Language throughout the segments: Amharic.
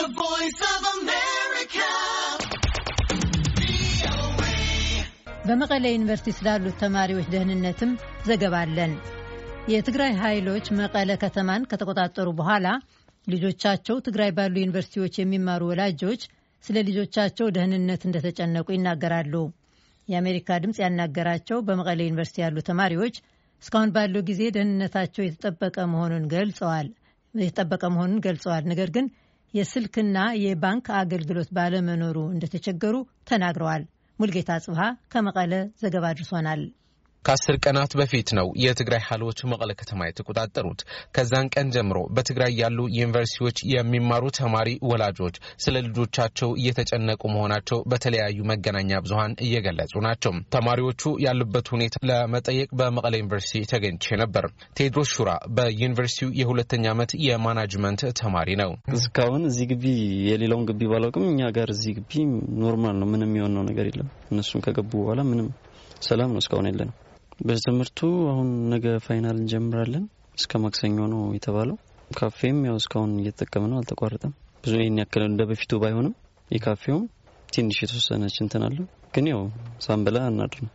The Voice of America. በመቀለ ዩኒቨርሲቲ ስላሉት ተማሪዎች ደህንነትም ዘገባ አለን። የትግራይ ኃይሎች መቀለ ከተማን ከተቆጣጠሩ በኋላ ልጆቻቸው ትግራይ ባሉ ዩኒቨርሲቲዎች የሚማሩ ወላጆች ስለ ልጆቻቸው ደህንነት እንደተጨነቁ ይናገራሉ። የአሜሪካ ድምፅ ያናገራቸው በመቀለ ዩኒቨርሲቲ ያሉ ተማሪዎች እስካሁን ባለው ጊዜ ደህንነታቸው የተጠበቀ መሆኑን ገልጸዋል የተጠበቀ መሆኑን ገልጸዋል። ነገር ግን የስልክና የባንክ አገልግሎት ባለመኖሩ እንደተቸገሩ ተናግረዋል። ሙልጌታ ጽብሃ ከመቀለ ዘገባ አድርሶናል። ከአስር ቀናት በፊት ነው የትግራይ ኃይሎች መቀለ ከተማ የተቆጣጠሩት። ከዛን ቀን ጀምሮ በትግራይ ያሉ ዩኒቨርሲቲዎች የሚማሩ ተማሪ ወላጆች ስለ ልጆቻቸው እየተጨነቁ መሆናቸው በተለያዩ መገናኛ ብዙኃን እየገለጹ ናቸው። ተማሪዎቹ ያሉበት ሁኔታ ለመጠየቅ በመቀለ ዩኒቨርሲቲ ተገኝቼ ነበር። ቴድሮስ ሹራ በዩኒቨርሲቲው የሁለተኛ ዓመት የማናጅመንት ተማሪ ነው። እስካሁን እዚህ ግቢ የሌለውን ግቢ ባላውቅም እኛ ጋር እዚህ ግቢ ኖርማል ነው። ምንም የሆነው ነገር የለም። እነሱም ከገቡ በኋላ ምንም ሰላም ነው። እስካሁን የለንም። በትምህርቱ አሁን ነገ ፋይናል እንጀምራለን። እስከ ማክሰኞ ነው የተባለው። ካፌም ያው እስካሁን እየተጠቀም ነው፣ አልተቋረጠም። ብዙ ይህን ያክል እንደ በፊቱ ባይሆንም የካፌውም ትንሽ የተወሰነ እንትን አለው። ግን ያው ሳንበላ አናድር ነው።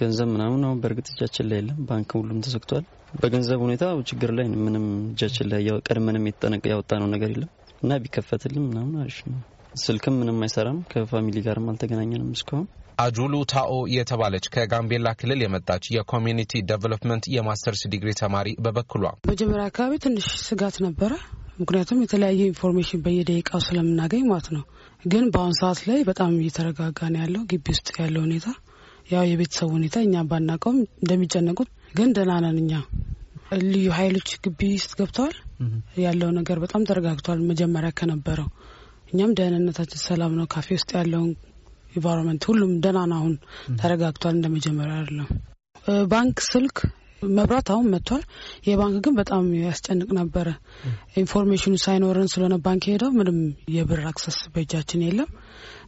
ገንዘብ ምናምን አሁን በእርግጥ እጃችን ላይ የለም፣ ባንክ ሁሉም ተዘግቷል። በገንዘብ ሁኔታ ችግር ላይ ምንም እጃችን ላይ ቀድመንም ያወጣ ነው ነገር የለም እና ቢከፈትልም ምናምን አሪፍ ነው። ስልክም ምንም አይሰራም። ከፋሚሊ ጋርም አልተገናኘንም እስካሁን። አጁሉ ታኦ የተባለች ከጋምቤላ ክልል የመጣች የኮሚኒቲ ዴቨሎፕመንት የማስተርስ ዲግሪ ተማሪ በበኩሏ መጀመሪያ አካባቢ ትንሽ ስጋት ነበረ። ምክንያቱም የተለያየ ኢንፎርሜሽን በየደቂቃው ስለምናገኝ ማለት ነው። ግን በአሁኑ ሰዓት ላይ በጣም እየተረጋጋ ነው ያለው ግቢ ውስጥ ያለው ሁኔታ። ያው የቤተሰቡ ሁኔታ እኛ ባናቀውም እንደሚጨነቁት ግን ደህና ነን እኛ። ልዩ ኃይሎች ግቢ ውስጥ ገብተዋል። ያለው ነገር በጣም ተረጋግቷል መጀመሪያ ከነበረው እኛም ደህንነታችን ሰላም ነው። ካፌ ውስጥ ያለውን ኢንቫይሮንመንት ሁሉም ደህና ነው። አሁን ተረጋግቷል። እንደመጀመሪያ አይደለም። ባንክ፣ ስልክ፣ መብራት አሁን መጥቷል። የባንክ ግን በጣም ያስጨንቅ ነበረ። ኢንፎርሜሽኑ ሳይኖረን ስለሆነ ባንክ ሄደው ምንም የብር አክሰስ በእጃችን የለም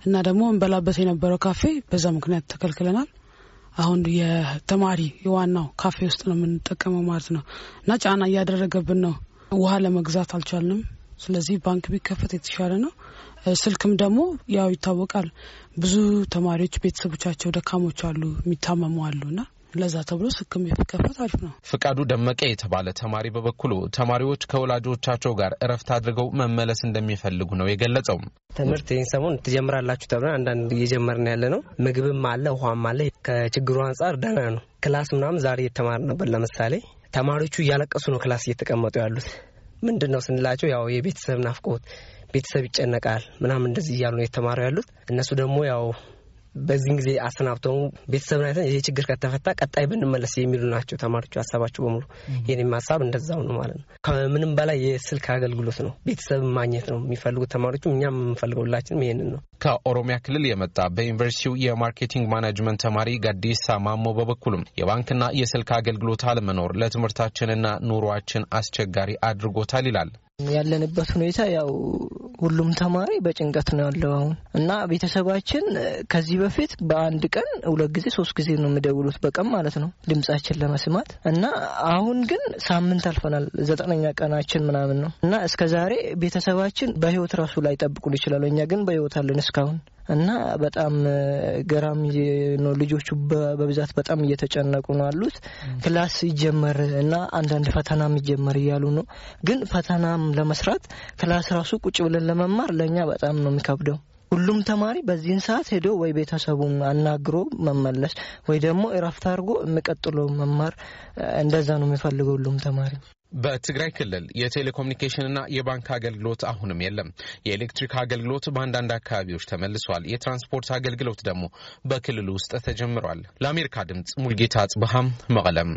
እና ደግሞ እንበላበት የነበረው ካፌ በዛ ምክንያት ተከልክለናል። አሁን የተማሪ የዋናው ካፌ ውስጥ ነው የምንጠቀመው ማለት ነው እና ጫና እያደረገብን ነው። ውሃ ለመግዛት አልቻልንም። ስለዚህ ባንክ ቢከፈት የተሻለ ነው። ስልክም ደግሞ ያው ይታወቃል፣ ብዙ ተማሪዎች ቤተሰቦቻቸው ደካሞች አሉ፣ የሚታመሙ ና ለዛ ተብሎ ስክም የሚከፈት አሪፍ ነው። ፍቃዱ ደመቀ የተባለ ተማሪ በበኩሉ ተማሪዎች ከወላጆቻቸው ጋር እረፍት አድርገው መመለስ እንደሚፈልጉ ነው የገለጸው። ትምህርት ይህን ሰሞን ትጀምራላችሁ ተብለን አንዳንድ እየጀመርን ያለ ነው። ምግብም አለ፣ ውሃም አለ። ከችግሩ አንጻር ደህና ነው። ክላስ ምናምን ዛሬ የተማር ነበር። ለምሳሌ ተማሪዎቹ እያለቀሱ ነው ክላስ እየተቀመጡ ያሉት ምንድን ነው ስንላቸው ያው የቤተሰብ ናፍቆት ቤተሰብ ይጨነቃል ምናምን እንደዚህ እያሉ ነው የተማረው ያሉት እነሱ ደግሞ ያው በዚህን ጊዜ አሰናብተው ቤተሰብን አይተን ይህ ችግር ከተፈታ ቀጣይ ብንመለስ የሚሉ ናቸው ተማሪዎቹ ሀሳባቸው በሙሉ። የኔም ሀሳብ እንደዛው ነው ማለት ነው። ከምንም በላይ የስልክ አገልግሎት ነው ቤተሰብ ማግኘት ነው የሚፈልጉ ተማሪዎቹ። እኛም የምንፈልገው ሁላችንም ይህንን ነው። ከኦሮሚያ ክልል የመጣ በዩኒቨርሲቲው የማርኬቲንግ ማናጅመንት ተማሪ ጋዲሳ ማሞ በበኩሉም የባንክና የስልክ አገልግሎት አለመኖር ለትምህርታችንና ኑሯችን አስቸጋሪ አድርጎታል ይላል። ያለንበት ሁኔታ ያው ሁሉም ተማሪ በጭንቀት ነው ያለው አሁን እና ቤተሰባችን ከዚህ በፊት በአንድ ቀን ሁለት ጊዜ ሶስት ጊዜ ነው የሚደውሉት በቀን ማለት ነው ድምጻችን ለመስማት እና አሁን ግን ሳምንት አልፈናል። ዘጠነኛ ቀናችን ምናምን ነው እና እስከ ዛሬ ቤተሰባችን በህይወት ራሱ ላይ ጠብቁን ይችላሉ። እኛ ግን በህይወት አለን እስካሁን እና በጣም ገራሚ ነው። ልጆቹ በብዛት በጣም እየተጨነቁ ነው አሉት። ክላስ ይጀመር እና አንዳንድ ፈተናም ይጀመር እያሉ ነው። ግን ፈተናም ለመስራት ክላስ ራሱ ቁጭ ብለን ለመማር ለእኛ በጣም ነው የሚከብደው። ሁሉም ተማሪ በዚህን ሰዓት ሄዶ ወይ ቤተሰቡ አናግሮ መመለስ ወይ ደግሞ እረፍት አድርጎ የሚቀጥለው መማር እንደዛ ነው የሚፈልገው ሁሉም ተማሪ። በትግራይ ክልል የቴሌኮሙኒኬሽንና የባንክ አገልግሎት አሁንም የለም። የኤሌክትሪክ አገልግሎት በአንዳንድ አካባቢዎች ተመልሷል። የትራንስፖርት አገልግሎት ደግሞ በክልሉ ውስጥ ተጀምሯል። ለአሜሪካ ድምፅ ሙልጌታ አጽብሃም መቀለም